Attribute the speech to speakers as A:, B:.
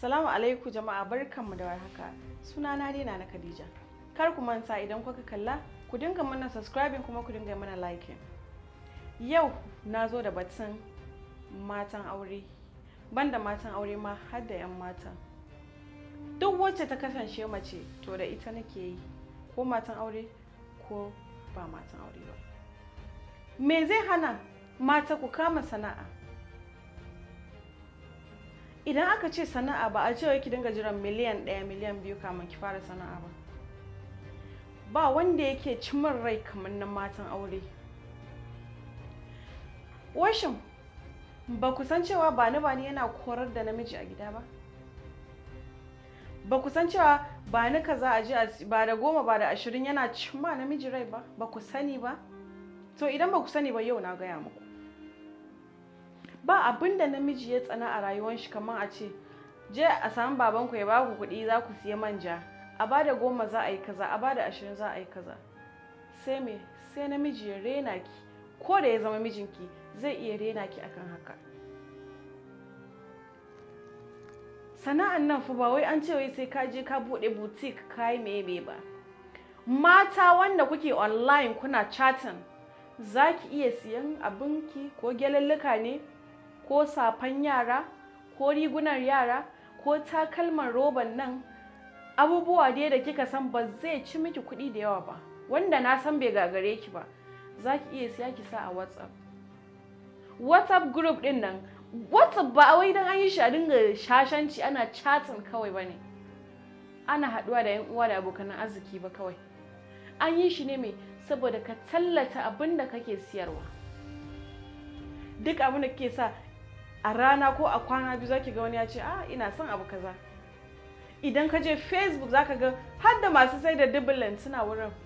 A: Salamu alaikum jama'a barkanmu da warhaka. Suna na na Khadija. Kar ku manta idan kuka kalla ku dinga mana subscribing kuma ku dinga mana liking. Yau na zo da batun matan aure. Banda matan aure ma har da 'yan matan. Duk wacce ta kasance mace to da ita nake yi ko matan aure ko ba matan aure ba. Me zai hana mata ku kama sana'a? idan aka ce sana'a ba a cewa ki dinga jiran miliyan ɗaya miliyan biyu kamun ki fara sana'a ba ba wanda yake cimin rai kamar na matan aure washin ba ku san cewa ba ni yana korar da namiji a gida ba ba ku san cewa ka kaza a ji ba da goma ba da ashirin yana cimma namiji rai ba ba ku sani ba to idan ba ku sani ba yau na gaya muku ba abin da namiji ya tsana a rayuwar shi kamar a ce je a samu babanku ya baku kuɗi za ku siya manja a bada goma za a yi kaza a bada ashirin za a yi kaza sai me sai namiji ya rena ki ko da ya zama mijinki zai iya rena ki akan haka sana'an nan fa ba wai an ce wai sai ka je ka bude boutique ka yi me ba mata wanda kuke online kuna chatting za ki iya siyan abinki ko gyalallika ne ko safan yara ko rigunar yara ko takalman roban nan abubuwa dai da kika san ba zai ci miki kuɗi da yawa ba wanda na san bai gagare ki ba za ki iya siya ki sa a whatsapp whatsapp group din nan whatsapp ba wai don an yi shi a dinga shashanci ana chatting kawai ba ne ana haɗuwa da 'yan uwa da abokan arziki ba kawai an yi shi ne mai saboda ka tallata abinda kake siyarwa duk abin da kake sa a rana ko a kwana biyu zaki ga wani ya ce a ah, ina son abu kaza idan ka je facebook zaka ga har da masu sai da dubulan suna wurin